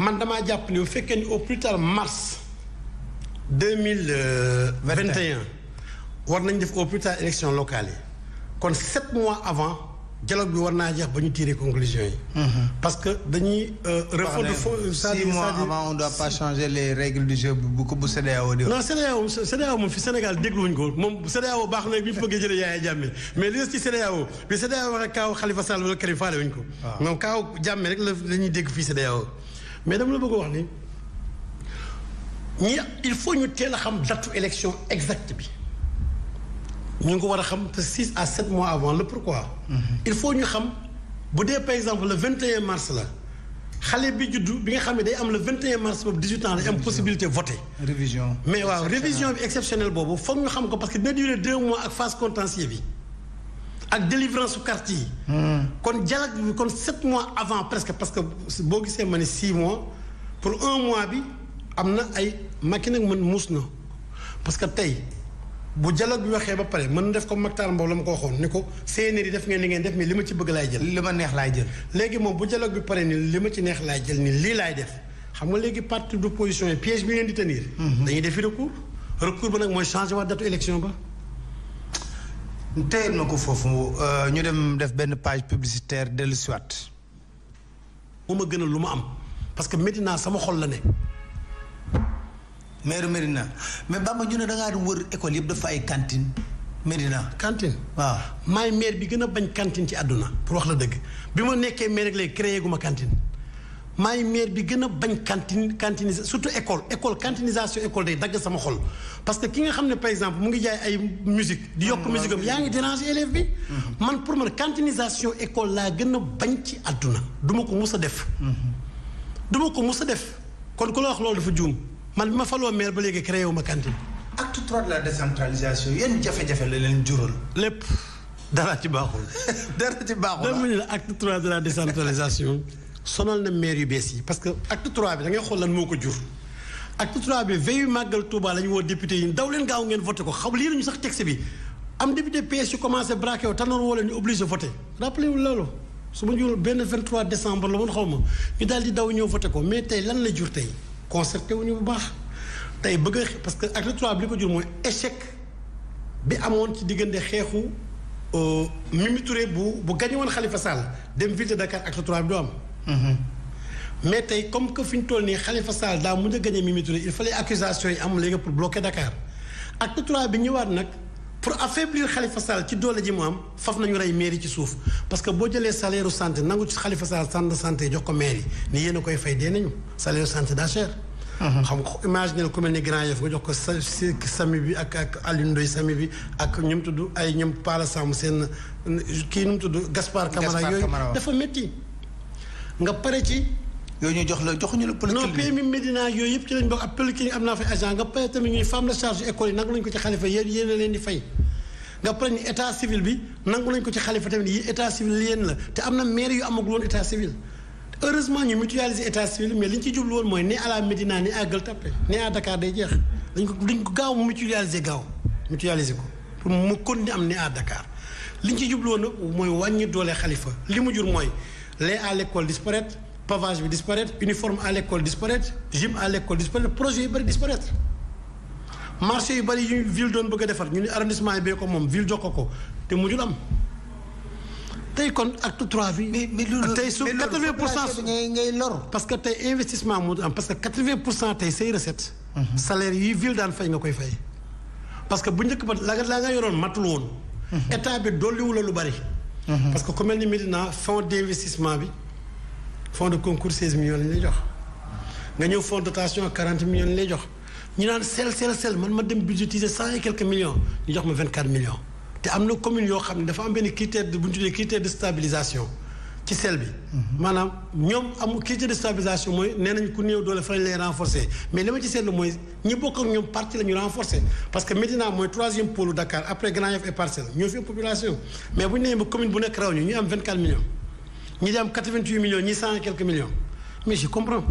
man damaa jàpp ni bu fekkee ni au plus tard mars mille vingt et war nañ def au plus tard élection locale yi kon sept mois avant dialogue bi war naa jeex ba ñu tirer conclusion yi. Mhm. parce que dañuy. Euh, refond de fond six mois avant on doit pas changer les règles du jeu bu ko bu CEDEAO di. non CEDEAO CEDEAO moom fi Sénégal dégluwuñ ko baax na bi ñu bëggee jëlee Yaya Jammeh mais li des ci CEDEAO bi CEDEAO waxee kaaw Khalifa Sall wala Karim wuñ ko. waaw ah. moom kaaw Jammeh rek la ñuy dégg fii CEDEAO. mais dama la bëgg wax nii ñii il faut ñu teel a xam datu élection exacte bi ñu ngi ko war a xam te six à sept mois avant le quoi mhm. il faut ñu xam bu dee par exemple le vingt et un mars la xale bi juddu bi nga xam ne day am le vingt et un mars boobu dix huit ans day am possibilité voter. mais waaw révision bi exceptionnelle boobu foog ñu xam ko parce que dina durer deux mois ak phase contentieux bi. ak délivrance su carte yi. Hmm. kon dialogue bi kon set mois avant presque parce que boo gisee ma ne six mois pour un mois bi am na ay Macky nag man muus na parce que tey bu dialogue bi waxee ba pare mën def ko Mactar Mbow la ma ko waxoon ni ko CNR yi def ngeen ni ngeen def mais li ma ci bëgg laay jël. li ma neex laay jël. léegi moom bu dialogue bi pare ni li ma ci neex laay jël ni lii laay def xam nga léegi parti d'opposition yi piège bi ngeen di tenir. Hmm. dañuy defi recours recours mooy changé waat date ba. teyel ma ko foofu euh, ñu dem def benn page publicitaire dellu si waat moo ma gënal lu ma am parce que Médina sama xol la ne maire Médina mais Bamba ñu ne da ngaa wër école yëpp dafa ay cantine Médina cantine waaw maay maire bi gën a bañ kantine ci àdduna pour wax la dëgg bi ma nekkee maire rek lay créé gu ma maay maire bi gën a bañ cantine cantinisation surtout école école cantinisation école day dagg sama xol parce que ki nga xam ne par exemple mu ngi jaay ay musique di yokk mm-hmm. musique am yaa ngi déranger élève bi mm-hmm. man pour man cantinisation école laa gën a bañ ci àdduna duma ko mus a def mm-hmm. duma ko mus a def kon ku la wax loolu dafa juum man bi ma faloo maire ba léegi créé wu ma cantine acte trois de la décentralisation yenn jafe-jafe la leen jural lépp dara ci baaxul dara ci baaxul dama ne la acte trois de la décentralisation sonal na maire yu bees yi parce que acte trois bi da ngay xool lan moo ko jur. acte trois bi veille màggal Touba la ñu woo député yi daw leen gaaw ngeen voté ko xam lii nañu sax texte bi am député PS yu commencé braqué wu tànnoon woo leen ñu obligé voté rappelé wu loolu. su ma jul benn 23 décembre la woon xaw ma ñu daal di daw ñëw voté ko mais tey lan la jur tey concerté wu ñu bu baax tey bëgg a parce que acte trois bi li ko jur mooy échec bi amoon ci diggante xeexu euh, Mimi Touré bu bu gañe woon Khalifa Sall dem de Dakar acte Mhm. mais tey comme que fi ñu toll nii Khalifa Sall daa mujj a gagné Mimi Touré fa fallait accusation yi am léegi pour bloquer Dakar acte trois bi ñëwaat nag pour affaiblir Khalifa Sall ci doole ji mu am faf nañu rey mairie ci suuf parce que boo jëlee salaire santé nangu ci Khalifa Sall centre santé jox ko mairie ni yéen koy fay dee nañu salaire santé daa cher. Mhm. xam nga imaginer ku mel ni Grand Yoff nga jox ko sa sami bi ak ak Alioune Ndoye sami bi ak ñum tudd ay ñum Pala Samb seen kii nu mu tudd Gaspard Camara yooyu dafa métti. nga pare ci. yooyu ñu jox la joxuñu la pël. non PMI Médina yooyu yëpp ci lañ bokk ak pël ki am naa fay agent nga pare tamit ñuy femme de charge ko ci xalifa a leen di fay. nga pare ni état civil bi nangu ko ci xalifa tamit yi état civil yéen la te am na maire yu amagul woon état civil. heureusement ñu mutualiser état civil mais li ñu ci jublu woon mooy ne à la Médina ne à Gueule Tapée ne a Dakar day jeex dañ ko dañ ko gaaw mutualiser gaaw mutualiser ko pour mu kon ni am ne à Dakar li ñu ci jublu woon mooy wàññi doole xalifa li mu jur mooy lait à l'école disparaître pavage bi disparaître uniforme à l'école disparaître gym à l'école disparaître projet yu bëri disparaître marché yu bëri yu ville doon bëgg a defar ñu ne arrondissement bee ko moom ville jox ko ko te mujjul am tey kon acte trois bi. mais mais loolu tey su 80 pour cent ngay ngay parce que tey investissement moo am parce que 80 pour cent tey say recette. Mhm. salaire yi ville daan fay nga koy fay. parce que bu njëkk ba la nga nga yoroon matul woon. Mhm. état bi dolliwu la lu bëri. Mhm. parce que ku mel ni Médina fonds d'investissement bi fonds de concours 16 millions lañ lay jox nga ñëw fonds dotation 40 millions lañ lay jox ñu naan sel sel sel man ma dem budgétiser cent et quelques millions ñu jox ma 24 millions te am na commune yoo xam ne dafa am benn critère bu ñu tuddee critère de stabilisation ci sel bi. maanaam ñoom amul crise de déstabilisation mooy nee nañ ku néew doole fa lañ lay renforcer mais li ma ci seetlu mooy ñi bokk ñoom parti la ñu parce que Médina mooy troisième pôle Dakar après Grand Yoff et Parcelles ñoo fi population. mais bu ñu nee ba commune bu nekk raw ñu ñu am 24 millions ñi di am 88 cent et quelques mais je comprends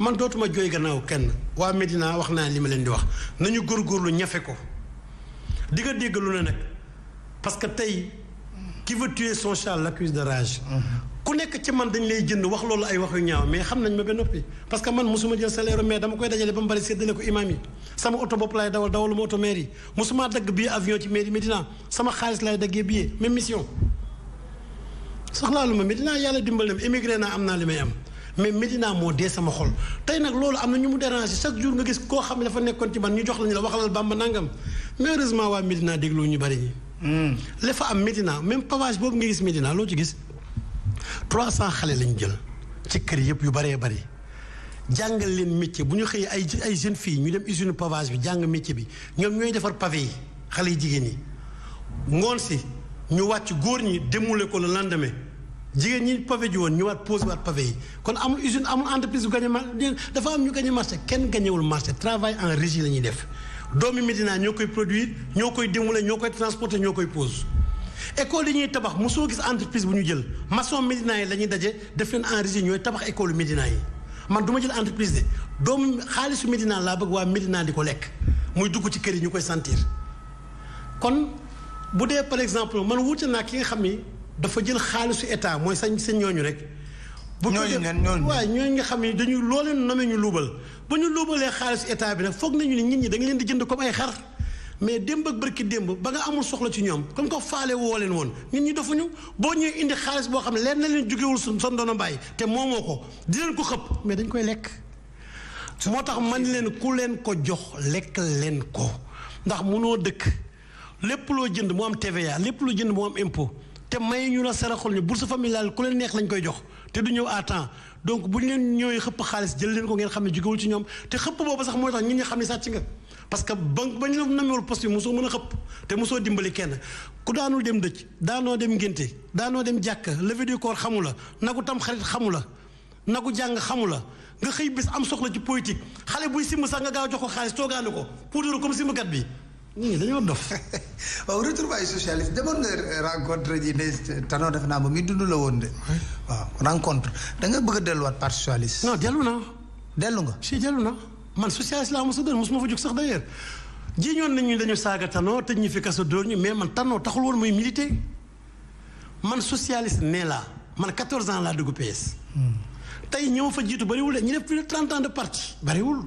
man dootuma jooy gannaaw kenn waa Médina wax naa li ma leen di wax nañu góorgóorlu ñafe ko di nga dégg lu ne parce que tey qui veut tuer son chat l'accuse de rage. ku nekk ci man dañ lay jënd wax loolu ay wax yu ñaaw mais xam nañ ma ba noppi parce que man mosuma jël salaire mais dama koy dajale ba mu bari séddale ko imaam yi sama oto bopp laay dawal dawalu ma oto maire yi mosuma dagg billet avion ci mairie Médina sama xaalis laay daggee billet même mission soxlaalu ma Médina yàlla dimbal na am naa li may am mais Médina moo dee sama xol tey nag loolu am na ñu mu déranger chaque jour nga gis koo xam ne dafa nekkoon ci man ñu jox lañu la waxalal Bamba nangam mais heureusement waa Médina déglu ñu bari ñi. Hmm. li fa am Médina même pavage boobu nga gis Médina loo ci gis. trois cent xale lañ jël ci kër yëpp yu bëree bëri jàngal leen métier bu ñu xëyee ay ay jeunes filles ñu dem usine pavage bi jàng métier bi ñoom ñooy defar pave yi xale yi jigéen yi ngoon si ñu wàcc góor ñi démoulé ko le lendemain jigéen ñi pavé ji woon ñu waat posé waat pavé yi kon amul usine amul entreprise bu gagné marché dafa am ñu gagné marché kenn gagnéwul marché travail en régie la ñuy def doomi Médina ñoo koy produire ñoo koy démoulé ñoo koy transporté ñoo koy pose école yi ñuy tabax mosoo gis entreprise bu ñu jël mason Médina yi la ñuy daje def leen en régie ñooy tabax école Médina yi man du ma jël entreprise de doomu xaalisu Médina laa bëgg waa Médina di ko lekk muy dugg ci kër yi ñu koy sentir. kon bu dee par exemple man wute naa ki nga xam ni dafa jël xaalisu état mooy sañ seen ñooñu rek. bu ñooñu ñooñu waaye ñooñu nga xam ni dañuy loo leen nomee ñu luubal ba ñu luubalee xaalisu état bi nag foog nañu ni nit ñi da nga leen di jënd comme ay xar. mais démb ak bërki démb ba nga amul soxla ci ñoom comme ko faale woo leen woon ñun ñu defuñu boo ñuy indi xaalis boo xam ne leen na leen jógewul suñ son doona bàyyi te moomoo ko di ko xëpp mais dañ koy lekk moo tax man leen ku leen ko jox lekk leen ko ndax munoo dëkk lépp loo jënd moo am TVA lépp loo jënd mu am impôt te may ñu la saraxul ñu bourse familiale ku leen neex lañ koy jox te du ñëw à temps donc bu ñu leen ñëwee xëpp xaalis jël leen ko ngeen xam ne jógewul ci ñoom te xëpp boobu sax mooy tax ñun ñi xam ne sàcc nga parce que banque bañ la namewul poste bi mosoo mën a xëpp te mosoo dimbali kenn ku daanul dem dëj daanoo dem ngénte daanoo dem jàkk levée corps xamu la nagu tam xarit xamu la nagu jàng xamu la nga xëy bis am soxla ci politique xale buy simb sax nga gaaw jox ko xaalis toogaane ko puudaru comme kat bi ñii dañoo dof waaw retrouvailles socialiste demoon nga rencontre ji ne tanoo def naa moom mi dund la woon de waaw da nga bëgg a delluwaat parti socialiste non dellu na dellu nga si dellu na man socialiste laa mos a doon mosuma fa jóg sax d'ailleurs jiiñoon nañ ñu dañu saaga Tanor te ñu fekk kaso dóor ñu mais man Tanor taxul woon muy militer man socialiste nee laa man 14 ans laa dugg PS. tey ñoo fa jiitu bariwul de ñu def plus de 30 ans de parti bariwul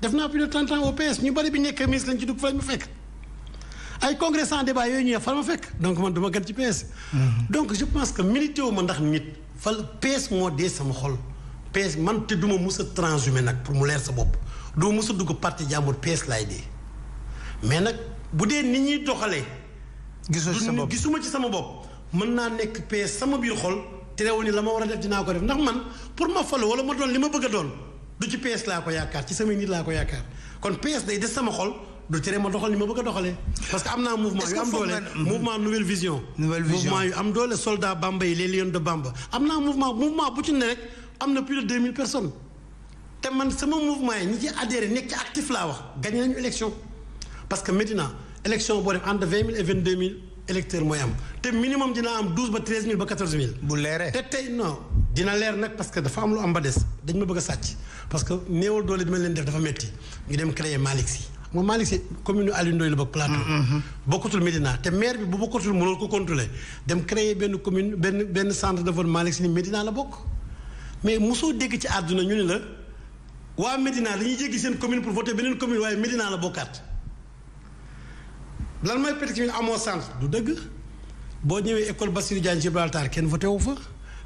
def naa plus de 30 ans au PS ñu bari bi nekk ministre lañ ci dugg fa ma fekk. ay congrès sans débat yooyu ñu fa ma fekk donc man du ma gën ci PS. donc je pense que milité wu ma ndax nit. fal PS moo dee sama xol PS man te du ma mus a nag pour mu leer sa bopp. doo mos a dugg parti jàmbur PS laay dee mais nag bu dee nit ñuy doxalee. gisoo ci sa bopp gisuma ci sama bopp. mën naa nekk PS sama biir xol terewul ni la ma war a def dinaa ko def ndax man pour ma falu wala ma doon li ma bëgg a doon du ci PS laa ko yaakaar ci samay nit laa ko yaakaar kon PS day des sama xol. du tere ma doxal ni ma bëgg a doxalee parce que am naa mouvement yu am doole mouvement nouvelle vision mouvement yu am doole soldat am naa mouvement mouvement bu ne rek am na plus de deux mille te man sama mouvement yi ñi ci adhéré nekk ci actif laa wax gagné nañu élection parce que Médina élection boo def entre vingt mille et vingt deux mille électeurs mooy am te minimum dina am douze ba treize mille ba quatorze mille. bu leeree te tey non dina leer nag parce que dafa am lu am ba des dañ ma bëgg sàcc parce que néewal doole bi ma leen def dafa metti ñu dem créer Malick Sy moom Malick Sy commune nu Alioune Ndoye la bokk plateau. Mm-hmm, mm-hmm. bokkatul Médina te maire bi bu bokkatul mënoon ko contrôler dem créer benn benn benn centre de vote Malick Sy ni Médina la bokk mais ci àdduna ñu ne la. waa Médina dañuy jéggi seen commune pour voter beneen commune waaye Médina la bokkaat lan mooy pétition bi amoo centre du dëgg boo ñëwee école Bassirou Diagne Gibraltar kenn voté wu fa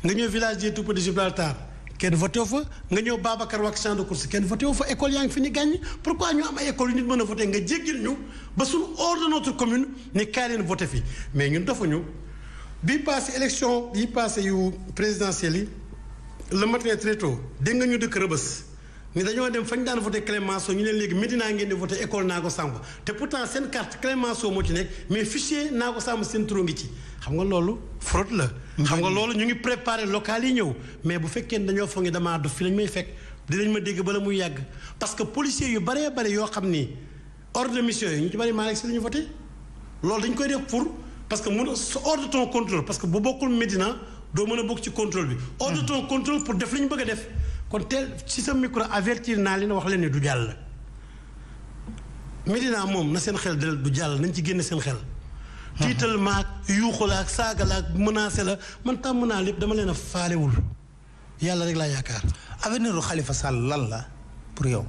nga ñëw village des Toupa de Gibraltar kenn voté wu fa nga ñëw Babacar wax champ de course kenn voté wu fa école yaa ngi fi ñu gàññ pourquoi ñu am ay école yu nit mën a voté nga jéggil ñu ba suñu hors de commune ni kaay leen voté fi mais ñun defuñu bi passé élection yi yu présidentielles yi le matin très dégg nga ñu dëkk rëbës ni dañoo dem fañ daan voté Clémenceau ñu leen léegi Médina ngeen di voté école naa ko sàmb te pourtant seen carte Clémenceau moo ci nekk mais fichier naa ko sàmb seen turo ngi ci xam nga loolu fraude la xam nga loolu ñu ngi préparé local yi ñëw mais bu fekkee ne dañoo foog ne damaa dof fi lañ may fekk dinañ ma dégg bala mu yàgg parce que policiers yu baree bare yoo xam ni ordre de mission yi ñu ci bari maa rek si la ñu loolu dañ koy def pour parce que mun sa ordre parce que bu bokkul Médina doo mën a bokk ci contrôle bi ordre de hmm. ton pour def li bëgg def kon te ci sa micro avertir naa leen wax leen ne du jàll. Medina moom na seen xel dal du jàll nañ ci génn seen xel. tiital maag yuuxu la ak saaga la ak menacé la man tàmm naa lépp dama leen a faalewul yàlla rek laa yaakaar. aveneru xalifa Khalifa Sall lan la pour yow.